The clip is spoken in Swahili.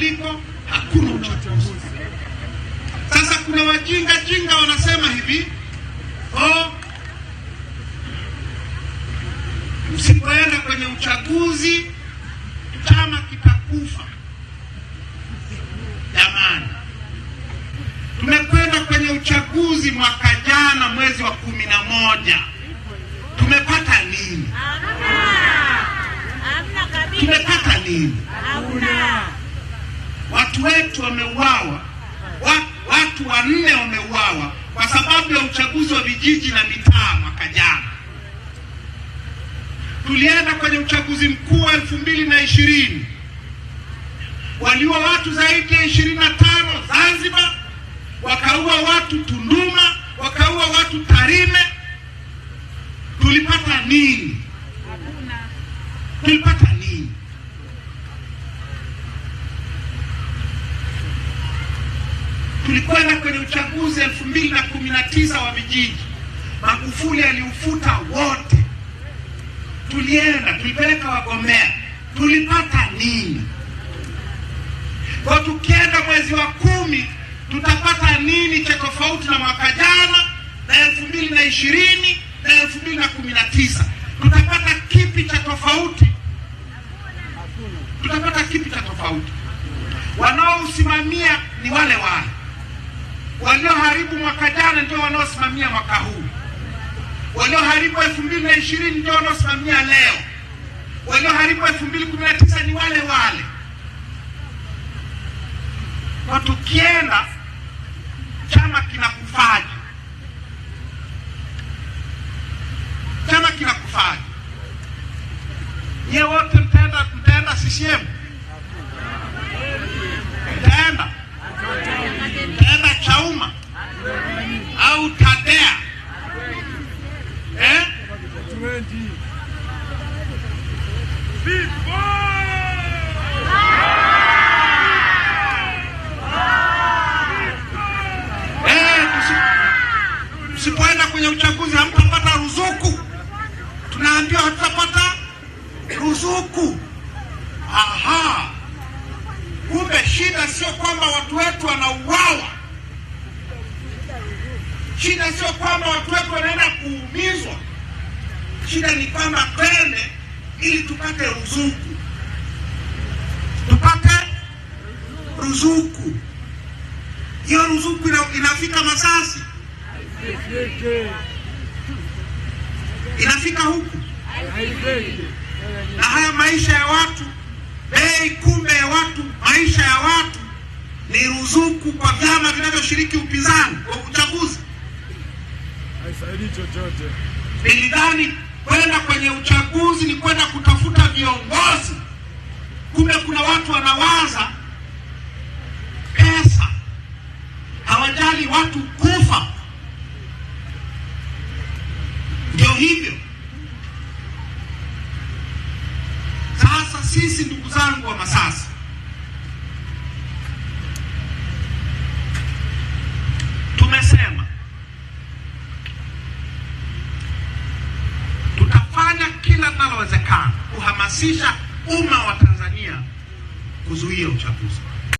mabadiliko, hakuna uchaguzi. Sasa kuna wajinga jinga wanasema hivi oh, msipoenda kwenye uchaguzi chama kitakufa. Jamani, tumekwenda kwenye uchaguzi mwaka jana mwezi wa kumi na moja, tumepata nini? Tumepata nini? watu wetu wameuawa, watu wanne wameuawa kwa sababu ya uchaguzi wa vijiji na mitaa mwaka jana. Tulienda kwenye uchaguzi mkuu wa elfu mbili na ishirini waliua watu zaidi ya ishirini na tano Zanzibar, wakaua watu Tunduma, wakaua watu Tarime. Tulipata nini? Tulipata nini? tulikwenda kwenye uchaguzi elfu mbili na kumi na tisa wa vijiji, Magufuli aliufuta wote. Tulienda tulipeleka wagombea, tulipata nini? Kwa tukienda mwezi wa kumi tutapata nini cha tofauti na mwaka jana na elfu mbili na ishirini na elfu mbili na kumi na tisa tutapata kipi cha tofauti? Tutapata kipi cha tofauti? Wanaosimamia ni wale wale. Walioharibu mwaka jana ndio wanaosimamia mwaka huu, walioharibu elfu mbili na ishirini ndio wanaosimamia leo, walioharibu elfu mbili kumi na tisa ni wale wale. Kwa tukienda chama kinakufaje? Chama kinakufaje? Nyewe wote mtaenda CCM tusipoenda eh, kwenye uchaguzi hamtapata ruzuku. Tunaambiwa hatutapata ruzuku. Aha, kumbe shida sio kwamba watu wetu wanauawa Shida sio kwamba watu wetu wanaenda kuumizwa. Shida ni kwamba twende ili tupate ruzuku, tupate ruzuku. Hiyo ruzuku inafika Masasi, inafika huku, na haya maisha ya watu, bei kumbe ya watu, maisha ya watu ni ruzuku kwa vyama vinavyoshiriki upinzani wa uchaguzi. Nilidhani kwenda kwenye uchaguzi ni kwenda kutafuta viongozi. Kumbe kuna watu wanawaza pesa, hawajali watu kufa. Ndio hivyo sasa. Sisi ndugu zangu wa Masasi linalowezekana kuhamasisha umma wa Tanzania kuzuia uchaguzi.